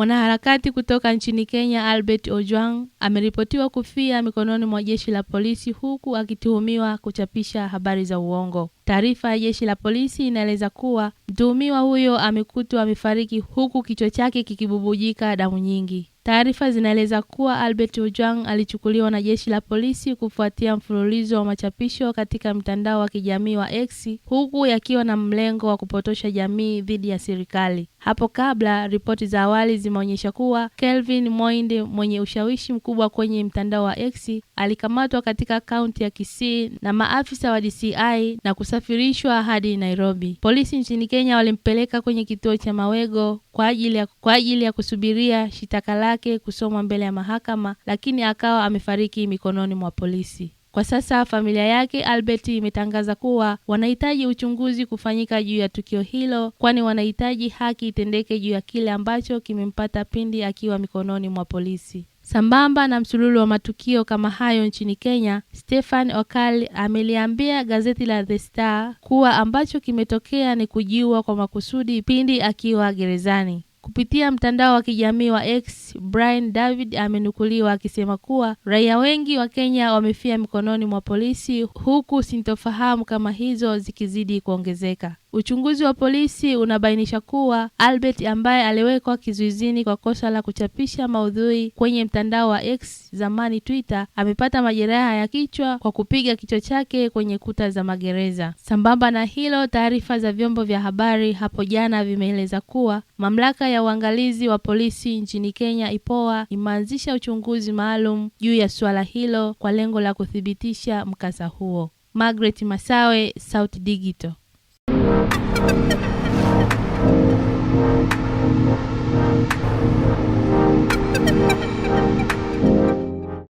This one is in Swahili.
Mwanaharakati kutoka nchini Kenya Albert Ojwang ameripotiwa kufia mikononi mwa jeshi la polisi huku akituhumiwa kuchapisha habari za uongo. Taarifa ya jeshi la polisi inaeleza kuwa mtuhumiwa huyo amekutwa amefariki huku kichwa chake kikibubujika damu nyingi. Taarifa zinaeleza kuwa Albert Ojwang alichukuliwa na jeshi la polisi kufuatia mfululizo wa machapisho katika mtandao wa kijamii wa X huku yakiwa na mlengo wa kupotosha jamii dhidi ya serikali. Hapo kabla, ripoti za awali zimeonyesha kuwa Kelvin Moindi mwenye ushawishi mkubwa kwenye mtandao wa X alikamatwa katika kaunti ya Kisii na maafisa wa DCI na kusafirishwa hadi Nairobi. Polisi nchini Kenya walimpeleka kwenye kituo cha Mawego kwa ajili ya, kwa ajili ya kusubiria shitaka lake kusomwa mbele ya mahakama, lakini akawa amefariki mikononi mwa polisi. Kwa sasa familia yake Albert imetangaza kuwa wanahitaji uchunguzi kufanyika juu ya tukio hilo, kwani wanahitaji haki itendeke juu ya kile ambacho kimempata pindi akiwa mikononi mwa polisi. Sambamba na msululu wa matukio kama hayo nchini Kenya, Stefan Okal ameliambia gazeti la The Star kuwa ambacho kimetokea ni kujiua kwa makusudi pindi akiwa gerezani. Kupitia mtandao wa kijamii wa X, Brian David amenukuliwa akisema kuwa raia wengi wa Kenya wamefia mikononi mwa polisi huku sintofahamu kama hizo zikizidi kuongezeka. Uchunguzi wa polisi unabainisha kuwa Albert ambaye aliwekwa kizuizini kwa kosa la kuchapisha maudhui kwenye mtandao wa X zamani Twitter amepata majeraha ya kichwa kwa kupiga kichwa chake kwenye kuta za magereza. Sambamba na hilo, taarifa za vyombo vya habari hapo jana vimeeleza kuwa mamlaka ya uangalizi wa polisi nchini Kenya IPOA imeanzisha uchunguzi maalum juu ya suala hilo kwa lengo la kuthibitisha mkasa huo. Margaret Masawe, South Digital. Thank you.